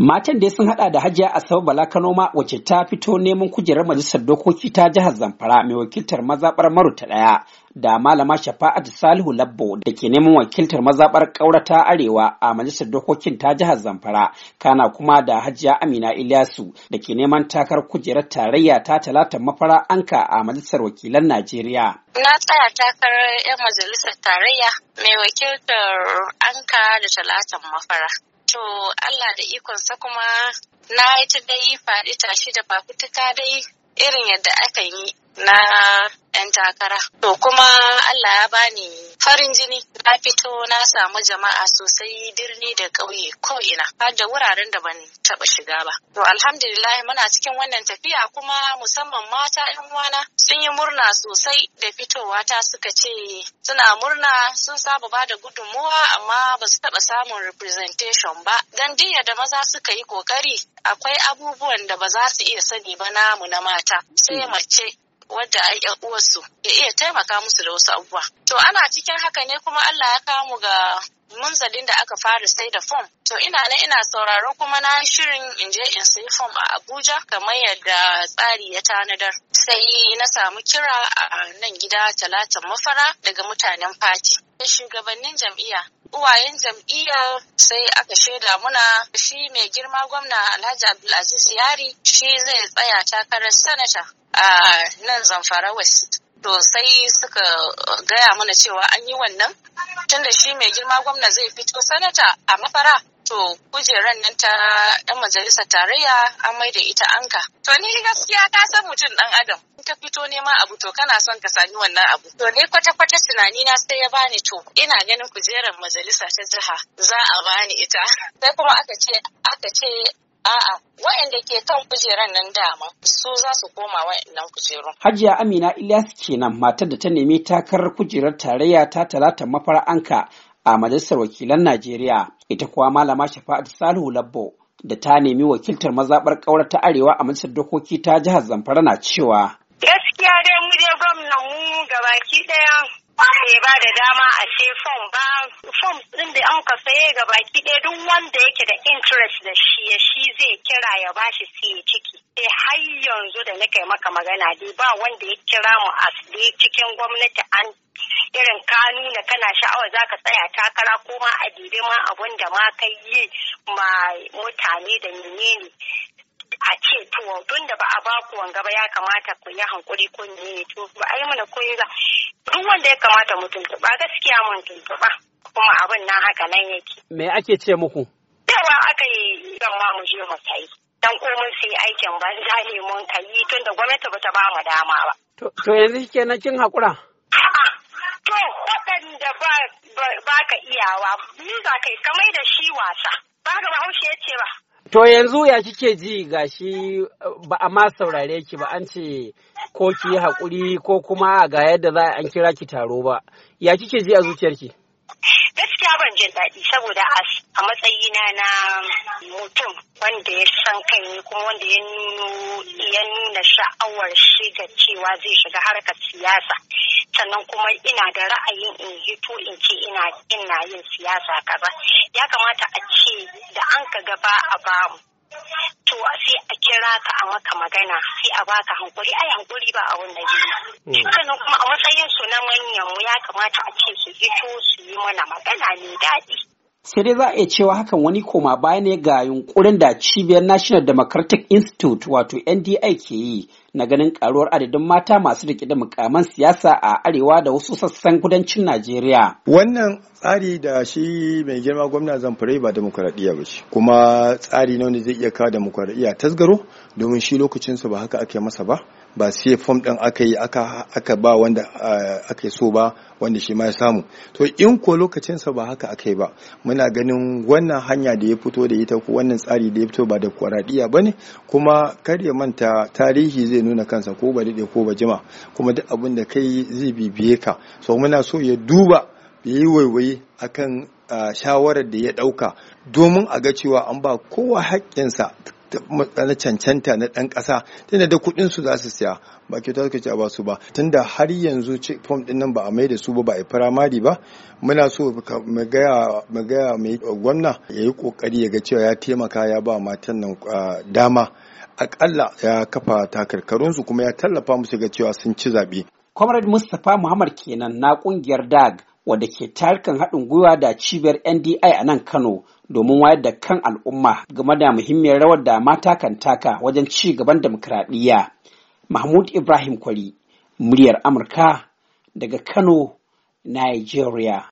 Matan dai sun hada da Hajiya Asabe Bala Kanoma wace ta fito neman kujerar majalisar dokoki ta jihar Zamfara mai wakiltar mazabar maruta ɗaya? da Malama Shafa'at Salihu Labbo da ke neman wakiltar mazabar Kaura ta Arewa a majalisar dokokin ta jihar Zamfara kana kuma da Hajiya Amina Ilyasu da ke neman takar kujerar tarayya ta talatan mafara anka a majalisar wakilan Najeriya. Na tsaya takarar 'yan majalisar tarayya mai wakiltar anka da talatan mafara. To Allah da ikonsa kuma na yi ta dai faɗi tashi da fafutuka dai irin yadda aka yi na 'yan takara. To kuma Allah ya bani farin jini na fito na samu jama'a sosai birni da ƙauye ko ina har da wuraren da ban taɓa shiga ba. To alhamdulillah muna cikin wannan tafiya kuma musamman mata 'yan uwana sun yi murna sosai da fitowa ta suka ce suna murna sun saba ba da gudunmuwa amma ba su taɓa samun representation ba. Gandiyar da maza suka yi ƙoƙari akwai abubuwan da ba za su iya sani ba namu na mata sai mace wadda a yan uwarsu ya iya taimaka musu da wasu abubuwa to ana cikin haka ne kuma Allah ya kawo ga hamzalin da aka fara sai da fom to ina nan ina sauraron kuma na shirin in je in sayi fom a abuja kamar yadda tsari ya tanadar sai na samu kira a nan gida talatin mafara daga mutanen fati shugabannin jam'iyya uwayen jam'iyyar sai aka shaida muna shi mai girma gwamna alhaji abdulaziz yari shi zai tsaya takarar sanata a nan zamfara west to sai suka uh, gaya mana cewa an yi wannan tunda shi mai girma gwamna zai fito sanata a mafara to kujeran nan ta yan majalisar tarayya an maida ita anka to ni gaskiya ka san mutum dan adam in ka fito nema abu to kana son ka sami wannan abu to ne kwata kwata tunani na sai ya bani to ina ganin kujerar majalisa ta jiha za a bani ita sai kuma aka ce aka ce A'a, waɗanda ke kan kujeran nan dama su za su koma waɗannan kujeru. Hajiya Amina Ilyas kenan matar da ta nemi takarar kujerar tarayya ta talata mafara'anka a majalisar wakilan Najeriya. Ita kuwa malama Shafa'atu Salihu Labbo da ta nemi wakiltar mazaɓar ƙaurar ta Arewa a majalisar dokoki ta jihar Zamfara na cewa. Gaskiya dai mu dai gwamnan mu gabaki ɗaya wanda ya ba da dama a ce fom ba fom din da an ka saye ga baki ɗaya duk wanda yake da interest da shi ya shi zai kira ya ba shi sai ya ciki sai eh, har yanzu da nake maka magana dai ba wanda ya kira mu a cikin gwamnati an irin ka nuna kana sha'awa za ka tsaya takara ko ma a ma abun da ma kai yi ma mutane da menene a ce Tunda tun da ba a baku wanga ba ya kamata ku yi hankuri ko ne to ba a yi mana koyi ba. Duk wanda ya kamata mu tuntuɓa gaskiya mun tuntuɓa kuma abin na haka nan yake. Me ake ce muku? Dawa aka yi ma mu je mu sayi. Dan komai sai aikin banza ne mun kai da gwamnati ba ta ba mu dama ba. To yanzu na kin haƙura? A'a to waɗanda ba ka iyawa ni za kai kamar da shi wasa. Ba ba bahaushe ya ce ba. To yanzu ya kike ji gashi eh, ba a ma saurare ki ba an ce ko ki yi haƙuri ko kuma ga yadda za an kira ki taro ba. Ya kike ji a zuciyarki? Gaskiya ban jin daɗi saboda a matsayina na mutum wanda ya san kai ne kuma wanda ya nuna sha'awar shiga cewa zai shiga harkar siyasa. sannan kuma ina da ra'ayin in hito in ce ina ina yin siyasa kaza ya kamata a ce da an ka gaba a bamu to sai a kira ka a maka magana sai a baka hankuri ai hankuri ba a wannan jini sannan kuma a matsayin su na manyan mu ya kamata a ce su hito su yi mana magana mai daɗi sai dai za a iya cewa hakan wani koma baya ne ga yunkurin da cibiyar national democratic institute wato ndi ke yi na ganin karuwar adadin mata masu rike da mukaman siyasa a arewa da wasu sassan kudancin najeriya wannan tsari da shi mai girma gwamna zamfare ba demokuraɗiyya ba shi kuma tsari ne wanda zai iya kawo demokuraɗiyya tasgaro domin shi lokacinsu ba haka ake masa ba ba sai fom ɗin aka yi aka ba wanda aka so ba wanda shi ma ya samu to in ko lokacinsa ba haka aka yi ba muna ganin wannan hanya da ya fito da ita ko wannan tsari da ya fito ba da kwaradiya ba ne kuma kar ya manta tarihi zai nuna kansa ko ba dade ko ba jima kuma duk abin da kai zai bibiye ka so muna so ya duba ya yi waiwaye akan shawarar da ya ɗauka domin a ga cewa an ba kowa haƙƙinsa na cancanta na ɗan ƙasa tunda da kuɗin su za su siya ba ke suka ce a ba su ba tunda har yanzu ce fom ɗin nan ba a mai da su ba ba a firamari ba muna so mu gaya mai gwamna ya yi ƙoƙari ya ga cewa ya taimaka ya ba matan nan dama akalla ya kafa takarkarunsu kuma ya tallafa musu ga cewa sun ci zaɓe. Comrade Mustapha Muhammad kenan na ƙungiyar DAG wadda ke tarukan haɗin gwiwa da cibiyar ndi a nan kano domin wayar da kan al'umma game da muhimmiyar rawar da mata kan taka wajen ci gaban demokradiyya mahmud ibrahim kwari muryar amurka daga kano nigeria